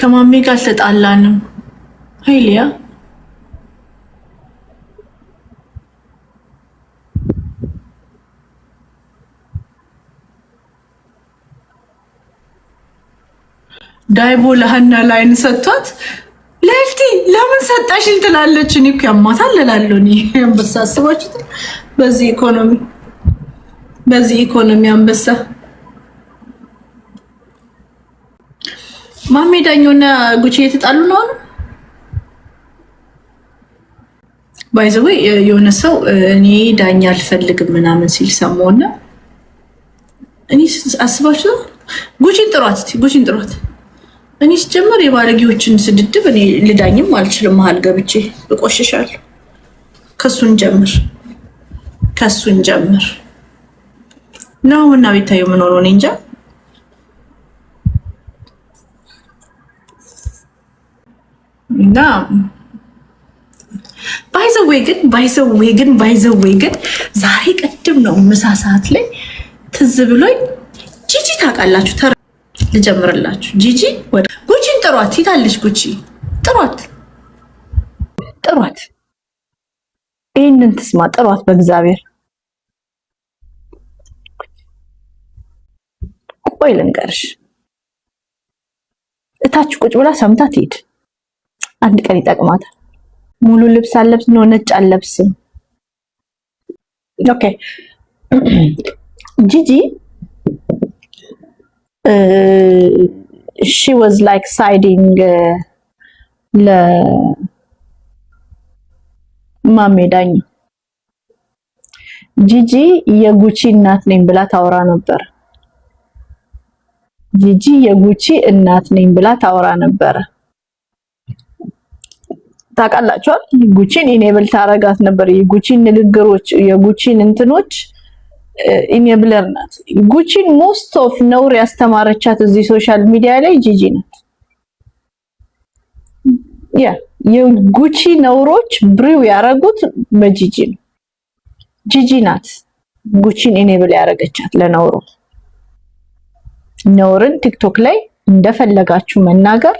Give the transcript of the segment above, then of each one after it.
ከማሜ ጋር አልተጣላንም። ሀይልያ ዳይቦ ለሀና ላይን ሰጥቷት ለልቲ ለምን ሰጣሽን ትላለች። እኔ እኮ ያማታል እላለሁ። እኔ አንበሳ አስባችሁት በዚህ ኢኮኖሚ በዚህ ኢኮኖሚ አንበሳ ማሜ ዳኞና ጉቺ የተጣሉ ነው አሉ። ባይዘዌ የሆነ ሰው እኔ ዳኛ አልፈልግም ምናምን ሲል ሰሞና እኔ አስባችሁ ጉቺን ጥሯት እስኪ ጉቺን ጥሯት። እኔ ስጀምር የባለጌዎችን ስድድብ እኔ ልዳኝም አልችልም፣ መሀል ገብቼ እቆሽሻለሁ። ከሱን ጀምር ከሱን ጀምር ነው እና ቤታየው ምን ሆኖ እኔ እንጃ። እና ባይዘዌ ግን ባይዘዌ ግን ባይዘዌ ግን ዛሬ ቅድም ነው ምሳ ሰዓት ላይ ትዝ ብሎኝ ጂጂ ታውቃላችሁ፣ ተራ ልጀምርላችሁ። ጂጂ ወደ ጉቺን ጥሯት፣ ይታለች ጉቺ ጥሯት፣ ጥሯት፣ ይህንን ትስማ፣ ጥሯት በእግዚአብሔር ቆይ ልንገርሽ፣ እታች ቁጭ ብላ ሰምታ ትሄድ። አንድ ቀን ይጠቅማታል። ሙሉ ልብስ አለብስ ነው ነጭ አለብስም። ኦኬ ጂጂ ሺ ዋዝ ላይክ ሳይዲንግ ለማሜ ዳኝ ጂጂ የጉቺ እናት ነኝ ብላ ታወራ ነበር። ጂጂ የጉቺ እናት ነኝ ብላ ታወራ ነበር። ታውቃላችኋል። ጉቺን ኢኔብል ታረጋት ነበር። የጉቺን ንግግሮች፣ የጉቺን እንትኖች ኢኔብለር ናት። ጉቺን ሞስት ኦፍ ነውር ያስተማረቻት እዚህ ሶሻል ሚዲያ ላይ ጂጂ ናት። ያ የጉቺ ነውሮች ብሪው ያረጉት በጂጂ ነው። ጂጂ ናት ጉቺን ኢኔብል ያረገቻት ለነውሩ። ነውርን ቲክቶክ ላይ እንደፈለጋችሁ መናገር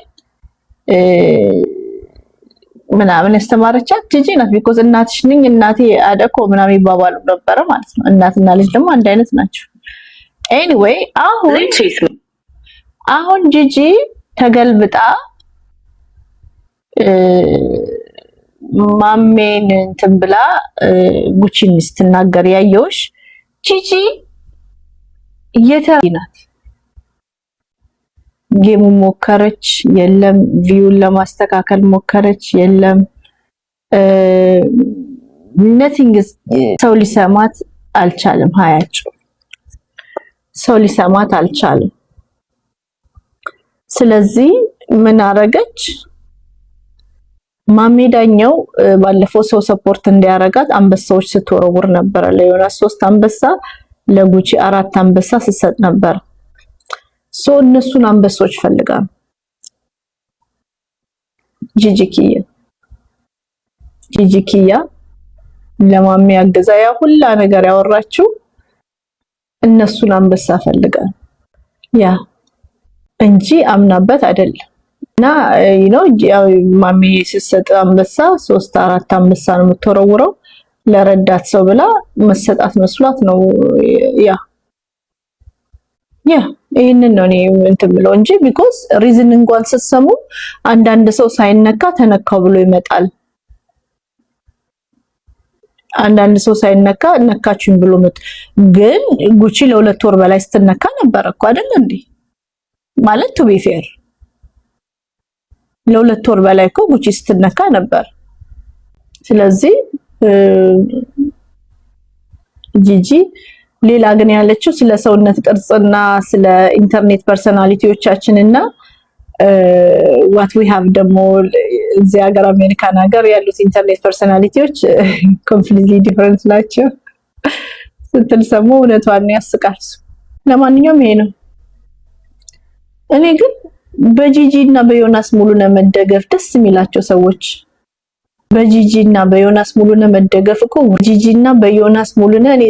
ምናምን ያስተማረቻት ጂጂ ናት። ቢኮዝ እናትሽ ነኝ እናቴ አደኮ ምናምን ይባባሉ ነበረ ማለት ነው። እናትና ልጅ ደግሞ አንድ አይነት ናቸው። ኤኒዌይ አሁን አሁን ጂጂ ተገልብጣ ማሜን እንትን ብላ ጉቺን ስትናገር ያየውሽ ጂጂ የተራ ናት። ጌሙ ሞከረች፣ የለም ቪዩን ለማስተካከል ሞከረች፣ የለም ነቲንግ። ሰው ሊሰማት አልቻለም። ሀያቸው ሰው ሊሰማት አልቻለም። ስለዚህ ምን አረገች? ማሜዳኛው ባለፈው ሰው ሰፖርት እንዲያረጋት አንበሳዎች ስትወረውር ነበረ። ለዮናስ ሶስት አንበሳ ለጉቺ አራት አንበሳ ስትሰጥ ነበር። ሶ እነሱን አንበሶች ፈልጋሉ። ጂጂኪያ ጂጂኪያ ለማሚ ያገዛ ያ ሁላ ነገር ያወራችው እነሱን አንበሳ ፈልጋሉ። ያ እንጂ አምናበት አይደለም። እና ዩኖ ማሚ ሲሰጥ አንበሳ ሶስት አራት አንበሳ ነው የምትወረውረው። ለረዳት ሰው ብላ መሰጣት መስሏት ነው ያ ያ ይህንን ነው እኔ እንትን ብለው እንጂ ቢኮዝ ሪዝን እንኳን ስትሰሙ አንዳንድ ሰው ሳይነካ ተነካው ብሎ ይመጣል። አንዳንድ ሰው ሳይነካ ነካችን ብሎ መጥ ግን ጉቺ ለሁለት ወር በላይ ስትነካ ነበር እኮ አይደል እንዴ? ማለት ቱ ቢ ለሁለት ወር በላይ እኮ ጉቺ ስትነካ ነበር። ስለዚህ ጂጂ ሌላ ግን ያለችው ስለ ሰውነት ቅርጽና ስለ ኢንተርኔት ፐርሰናሊቲዎቻችን እና ዋት ዊ ሃቭ ደግሞ እዚህ ሀገር አሜሪካን ሀገር ያሉት ኢንተርኔት ፐርሰናሊቲዎች ኮምፕሊትሊ ዲፈረንት ናቸው ስትል ሰሙ እውነቷን ያስቃል። ለማንኛውም ይሄ ነው። እኔ ግን በጂጂ እና በዮናስ ሙሉ ነመደገፍ ደስ የሚላቸው ሰዎች በጂጂ እና በዮናስ ሙሉነ መደገፍ እኮ ጂጂ እና በዮናስ ሙሉነ እኔ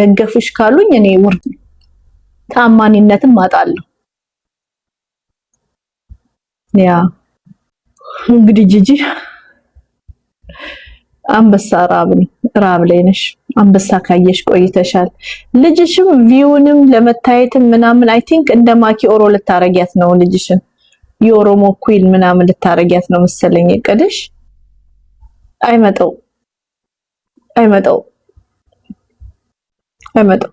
ደገፍሽ ካሉኝ እኔ ውርድ ተአማኒነትም አጣለሁ። ያ እንግዲህ ጂጂ አንበሳ ራብ ራብ ላይ ነሽ። አንበሳ ካየሽ ቆይተሻል። ልጅሽም ቪውንም ለመታየትም ምናምን አይ ቲንክ እንደ ማኪ ኦሮ ልታረጊያት ነው። ልጅሽን የኦሮሞ ኩል ምናምን ልታረጊያት ነው መሰለኝ ቀደሽ አይመጣው አይመጣው አይመጣው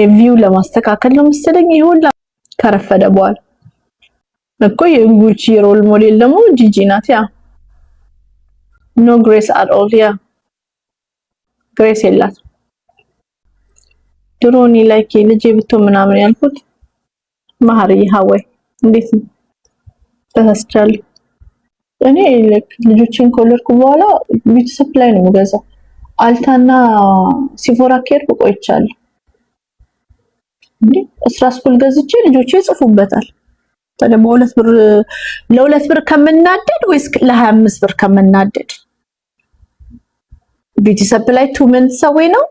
የቪው ለማስተካከል ነው መሰለኝ። ይሄ ሁላ ከረፈደ በኋላ እኮ የጉቺ ሮል ሞዴል ደግሞ ጂጂ ናት። ያ ኖ ግሬስ አት ኦል ያ ግሬስ የላት። ድሮ እኔ ላይክ ልጄ ብቶ ምናምን ያልኩት መሀሪ ሀወይ እንዴት ተሳስቻለሁ። እኔ ልጆችን ከወለድኩ በኋላ ቢውቲ ሰፕላይ ነው የምገዛው። አልታና ሲፎራ ኬር ቆይቻለሁ። እስራ ስኩል ገዝቼ ልጆቼ ይጽፉበታል። ደግሞ ሁለት ብር ለሁለት ብር ከምናደድ ወይስ ለሀያ አምስት ብር ከምናደድ? ቢውቲ ሰፕላይ ቱ ሰዌ ነው።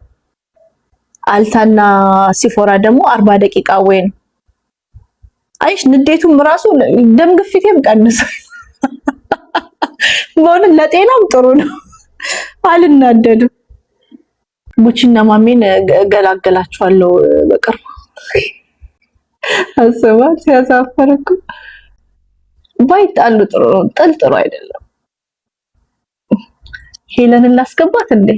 አልታና ሲፎራ ደግሞ አርባ ደቂቃ ወይ ነው። አይሽ ንዴቱም ራሱ ደም ግፊቴም ቀንሰ በእውነት ለጤናም ጥሩ ነው። አልናደድም። ቡቺና ማሜን እገላገላችኋለሁ በቅርቡ አስባል። ሲያሳፈር እኮ ባይጣሉ ጥሩ ነው። ጥል ጥሩ አይደለም። ሄለን ላስገባት እንዴ?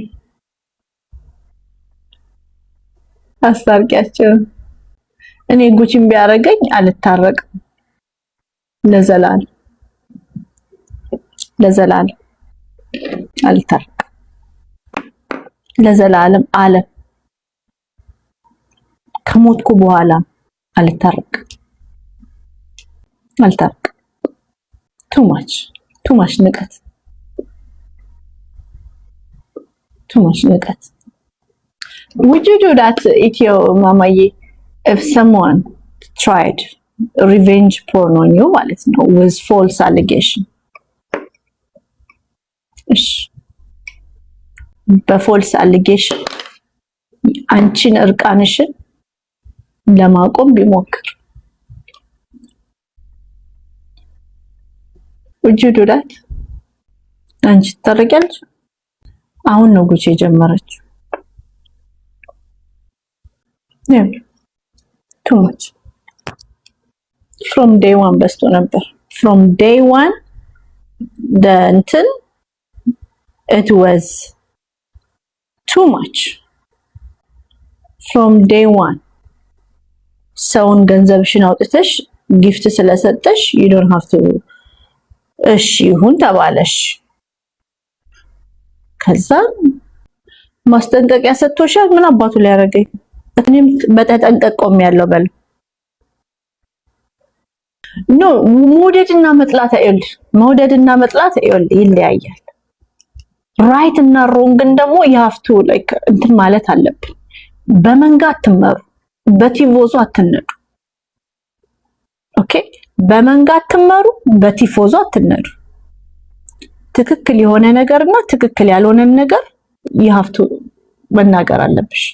አስታርቂያቸው። እኔ ጉቺን ቢያደርገኝ አልታረቅም ለዘላለም። ለዘላለም አልታረቅም። ለዘላለም ዓለም ከሞትኩ በኋላ አልታረቅም አልታረቅም። ቱማች ቱማች ንቀት ቱማች ንቀት ውድ ዱ ዳት ኢትዮ ማማዬ ኢፍ ሰምዋን ትራይድ ሪቬንጅ ፖርን ኦን ዩ ማለት ነው ዊዝ ፎልስ አሊጌሽን እሺ በፎልስ አሊጌሽን አንቺን እርቃንሽን ለማቆም ቢሞክር ውጅ ዱላት አንቺ ትታረቂያለሽ። አሁን ነው ጉቺ የጀመረችው። ቱማች ፍሮም ዴይ ዋን በስቶ ነበር ፍሮም ዴይ ዋን እንትን it was too much from day one ሰውን ገንዘብሽን አውጥተሽ ጊፍት ስለሰጠሽ you don't have to እሺ ይሁን ተባለሽ። ከዛ ማስጠንቀቂያ ሰጥቶሻል። ምን አባቱ ሊያደርገኝ እኔም በተጠንቀቅ ቆም ያለው በል ኖ መውደድና መጥላት አይወል መውደድና መጥላት አይወል ይለያያል። ራይት እና ሮንግን ደግሞ የሀፍቱ ላይክ እንትን ማለት አለብን። በመንጋ አትመሩ፣ በቲፎዞ አትነዱ። ኦኬ፣ በመንጋ አትመሩ፣ በቲፎዞ አትነዱ። ትክክል የሆነ ነገር እና ትክክል ያልሆነን ነገር የሀፍቱ መናገር አለብሽ።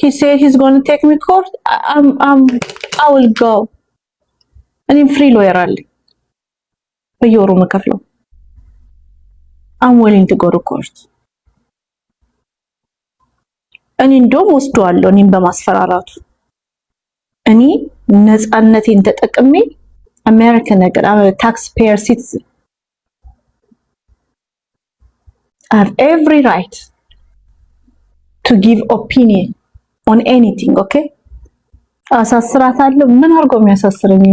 ሂ ሴድ ሂዝ ጎን ቴክ ሚ ኮርት አውል እኔም ፍሪ ሎየር አለኝ በየወሩ መከፍለው አም ዌሊንግ ቱ ጎ ኮርት እኔ እንደውም ወስደዋለሁ። እኔም በማስፈራራቱ እኔ ነፃነቴን ተጠቅሜ አሜሪካን ነገር ታክስ ፔየር ሲቲዝን አይ ኤቭሪ ራይት ቱ ጊቭ ኦፒኒየን ኦን ኤኒቲንግ ኦኬ። አሳስራታለሁ። ምን አድርጎ የሚያሳስረኝ?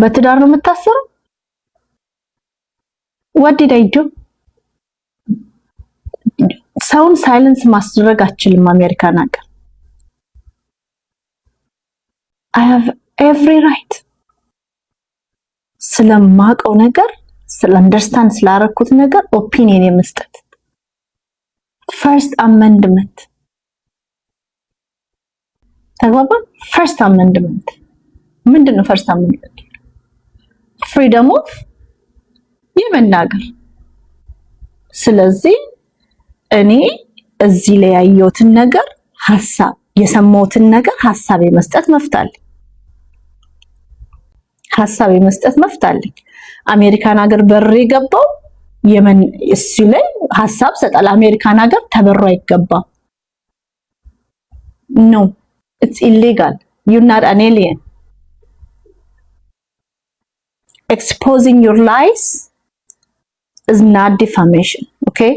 በትዳር ነው የምታስረው ወደደ ሰውን ሳይለንስ ማስደረግ አችልም። አሜሪካን ሀገር አይ ሃቭ ኤቭሪ ራይት ስለማቀው ነገር ስለ አንደርስታንድ ስላረኩት ነገር ኦፒኒየን የመስጠት ፈርስት አመንድመንት ተግባባ። ፈርስት አመንድመንት ምንድን ነው? ፈርስት አመንድመንት ፍሪደም ኦፍ የመናገር ስለዚህ እኔ እዚህ ላይ ያየሁትን ነገር ሀሳብ የሰማሁትን ነገር ሀሳብ የመስጠት መብት አለኝ። ሀሳብ የመስጠት መብት አለኝ። አሜሪካን ሀገር በር የገባው የመን እሱ ላይ ሀሳብ ሰጣል። አሜሪካን ሀገር ተበሮ አይገባም። ኖ ኢትስ ኢሌጋል ዩ ናት አን ኤሊየን ኤክስፖዚንግ ዩር ላይስ is not defamation okay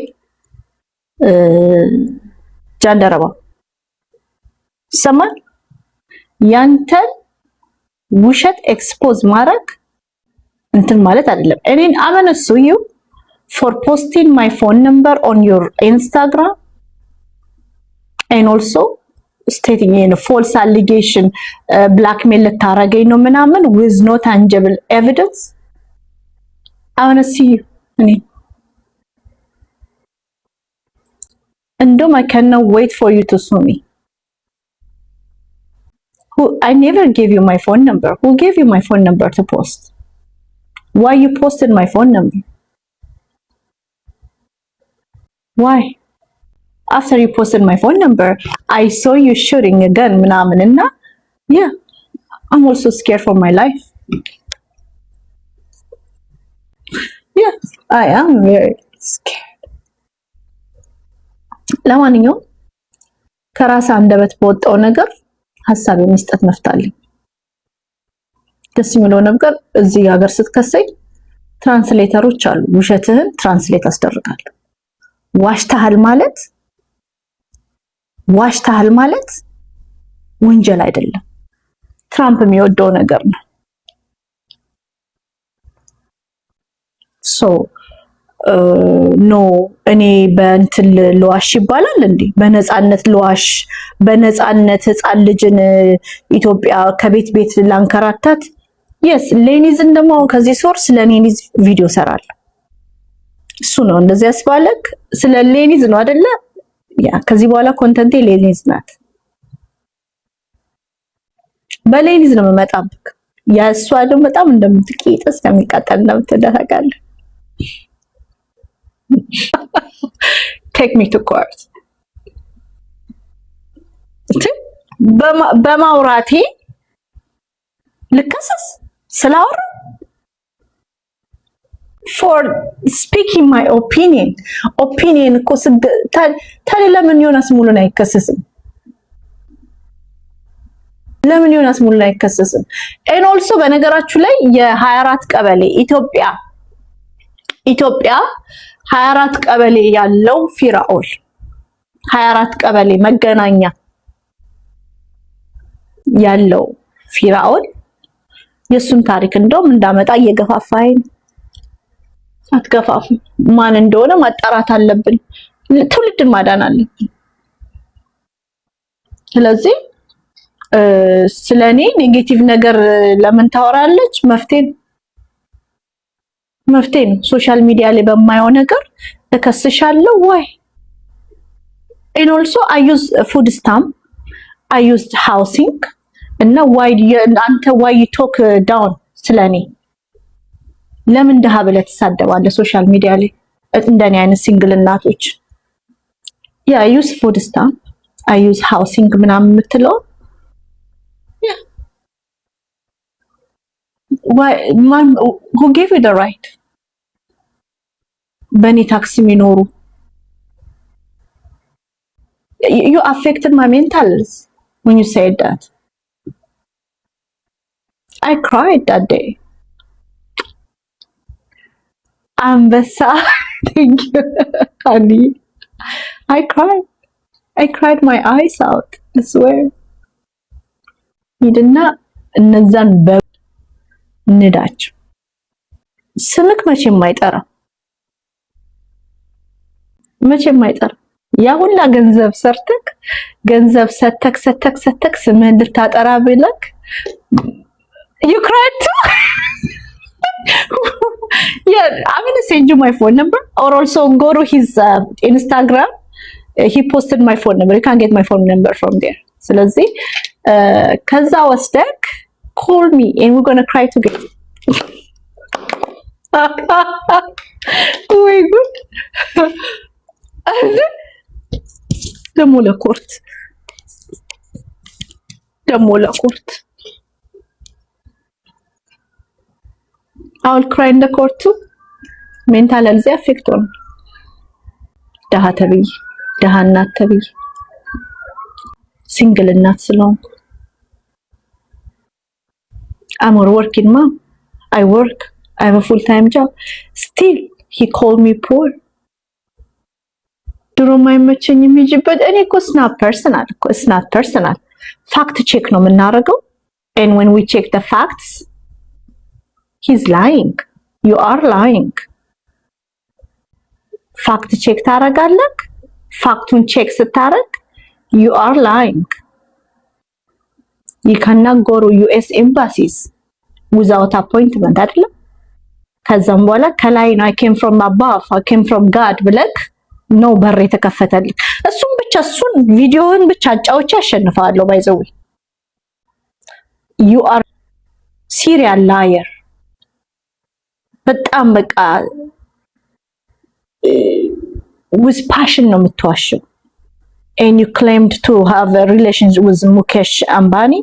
ጃንደረባ ይሰማል። ያንተን ውሸት ኤክስፖዝ ማድረግ እንትን ማለት አይደለም። እኔን አመነሱ ዩ ፎር ፖስቲንግ ማይ ፎን ነምበር ኦን ዮር ኢንስታግራም ኤን ኦልሶ ስቴቲንግ ይሄን ፎልስ አሊጌሽን ብላክሜል ልታረገኝ ነው ምናምን ዊዝ ኖ ታንጀብል ኤቪደንስ አመነሱ ዩ honey. Andom, I cannot wait for you to sue me. Who I never gave you my phone number. Who gave you my phone number to post? Why you posted my phone number? Why? After you posted my phone number, I saw you shooting a gun, ምናምን እና yeah, I'm also scared for my life. Yeah, I am very scared. ለማንኛውም ከራስ አንደበት በወጣው ነገር ሀሳብ የሚስጠት መፍታለኝ ደስ የሚለው ነገር እዚህ ሀገር ስትከሰኝ ትራንስሌተሮች አሉ። ውሸትህን ትራንስሌት አስደርጋለሁ። ዋሽታሃል ማለት ዋሽታሃል ማለት ወንጀል አይደለም። ትራምፕ የሚወደው ነገር ነው። ኖ እኔ በእንትን ልዋሽ ይባላል እንዴ? በነፃነት ልዋሽ፣ በነፃነት ህፃን ልጅን ኢትዮጵያ ከቤት ቤት ላንከራታት። የስ ሌኒዝን ደግሞ ከዚህ ሶርስ ለሌኒዝ ቪዲዮ ሰራለሁ። እሱ ነው እንደዚህ ያስባለክ። ስለ ሌኒዝ ነው አደለ? ያ ከዚህ በኋላ ኮንተንቴ ሌኒዝ ናት። በሌኒዝ ነው የምመጣብክ። ያሷ ደግሞ በጣም እንደምትቂጥ እስከሚቃጠል እንደምትደረጋለህ ቴክ ሚ ቱ ኮርት በማውራቴ ልከሰስ ስላወራ ፎር ስፒኪንግ ማይ ኦፒኒየን ኦፒኒየን እኮ ታዲያ ለምን ዮናስ ሙሉን አይከሰስም? ለምን ዮናስ ሙሉን አይከሰስም? ኤን ኦልሶ በነገራችሁ ላይ የ24 ቀበሌ ኢትዮጵያ ኢትዮጵያ 24 ቀበሌ ያለው ፊራኦል 24 ቀበሌ መገናኛ ያለው ፊራኦል የሱን ታሪክ እንደውም እንዳመጣ እየገፋፋኝ አትገፋፉ። ማን እንደሆነ ማጣራት አለብን። ትውልድን ማዳን አለብን። ስለዚህ ስለኔ ኔጌቲቭ ነገር ለምን ታወራለች? መፍትሄ መፍትሄ ነው። ሶሻል ሚዲያ ላይ በማየው ነገር እከስሻለሁ ወይ ኢን ኦልሶ አይ ዩዝ ፉድ ስታም አይ ዩዝ ሃውሲንግ እና ዋይ አንተ ዋይ ዩ ቶክ ዳውን ስለኔ ለምን ደሃ ብለህ ትሳደባለህ? ሶሻል ሚዲያ ላይ እንደኔ አይነት ሲንግል እናቶች ያ ዩዝ ፉድ ስታምፕ አይ ዩዝ ሃውሲንግ ምናምን የምትለው why who gave you the right በእኔ ታክሲ የሚኖሩ you affected my mental when you said that I cried that day አንበሳ thank you honey I cried I cried my eyes out I swear You ሂድና እነዛን ንዳቸው። ስምክ መቼም አይጠራም፣ መቼም አይጠራም። ያ ሁላ ገንዘብ ሰርተክ ገንዘብ ሰተክ ሰተክ ሰተክ ስምህን ልታጠራ ብለክ ዩክራይቱ I'm gonna send you my phone number or also go to his uh, Instagram. He posted my phone number. You can't get my phone number from there. ስለዚህ ከዛ ወስደክ call me and we're gonna cry together ወይ ጉድ! ደሞ ለኮርት ደሞ ለኮርት አውል ክራይ እንደ ኮርቱ ሜንታል አልዚ አፌክት ሆነ። ደሃ ተብዬ ደሃ እናት ተብዬ ሲንግል እናት ስለሆንኩ I'm a working mom. I work. I have a full time job. Still, he called me poor. But was not personal. It's not personal. Fact check no menarago. And when we check the facts, he's lying. You are lying. Fact check taragalak. Fact check taragalak. You are lying you cannot go to US embassies without appointment አይደለም። ከዛም በኋላ ከላይ ነው I came from above I came from God ብለክ ነው በር የተከፈተልክ። እሱም ብቻ እሱን ቪዲዮውን ብቻ አጫዎች ያሸንፋለሁ። ባይዘው you are serial liar። በጣም በቃ with passion ነው የምትዋሽው and you claimed to have a relations with Mukesh Ambani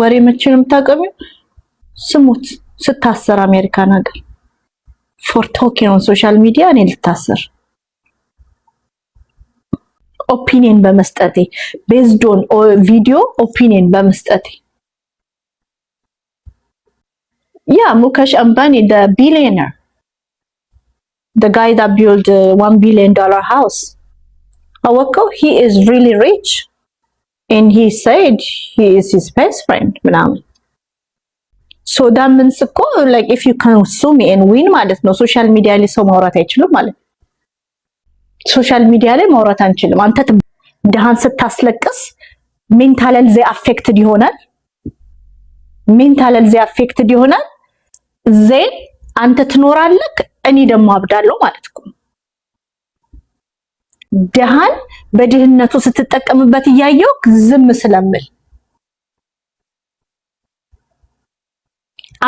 ወሬ መቼ ነው የምታቀቢው? ስሙት ስታሰር አሜሪካን ሀገር ፎር ቶኪንግ ኦን ሶሻል ሚዲያ እኔ ልታሰር ኦፒኒየን በመስጠቴ ቤዝድ ኦን ቪዲዮ ኦፒኒየን በመስጠቴ ያ ሙከሽ አምባኒ ደ ቢሊየነር ደ ጋይ ዳ ቢልድ ዋን ቢሊየን ዶላር ሃውስ አወቀው ሂ ኢዝ ሪሊ ሪች ኤንድ ሂ ሰይድ ሂ ኢዝ ሂዝ ቤስት ፍሬንድ ምናምን ሶ ዳት ምንስ እኮ ላይክ ኢፍ ዩ ኮንሱም ኤን ዊን ማለት ነው። ሶሻል ሚዲያ ላይ ሰው ማውራት አይችልም ማለት ነው። ሶሻል ሚዲያ ላይ ማውራት አንችልም። አንተ ድሃን ስታስለቅስ ሜንታለል ዘ አፌክትድ ይሆናል። ሜንታለል ዘ አፌክትድ ይሆናል። ዜን አንተ ትኖራለህ፣ እኔ ደግሞ አብዳለሁ ማለት ነው። ድሃን በድህነቱ ስትጠቀምበት እያየው ዝም ስለምል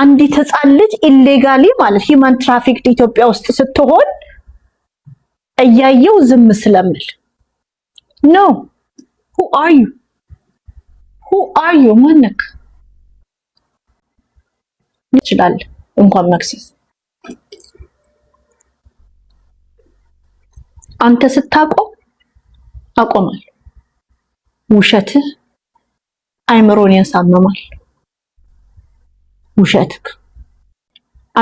አንዲት ህፃን ልጅ ኢሌጋሊ ማለት ሂማን ትራፊክድ ኢትዮጵያ ውስጥ ስትሆን እያየው ዝም ስለምል ኖ ሁ አር ዩ ሁ አር ዩ ማነክ ይችላል እንኳን መክሰስ አንተ ስታቆም አቆማል። ውሸትህ አይምሮን ያሳምማል። ውሸትክ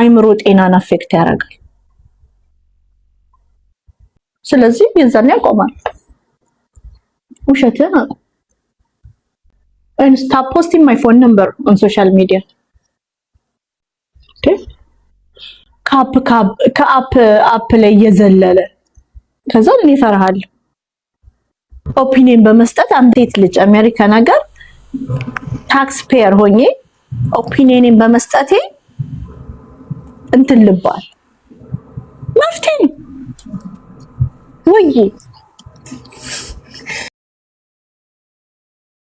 አይምሮ ጤናን አፌክት ያደርጋል። ስለዚህ የዛን ያቆማል። ውሸትህን አቆም። ስታፕ ፖስቲንግ ማይ ፎን ነምበር ኦን ሶሻል ሚዲያ ከአፕ ከአፕ ላይ እየዘለለ ከዛ ምን ይሰራሃል? ኦፒኒየን በመስጠት አንድ ሴት ልጅ አሜሪካ ነገር ታክስ ፔየር ሆኜ ኦፒኒየን በመስጠቴ እንትን ልባል መፍትሄ ወይ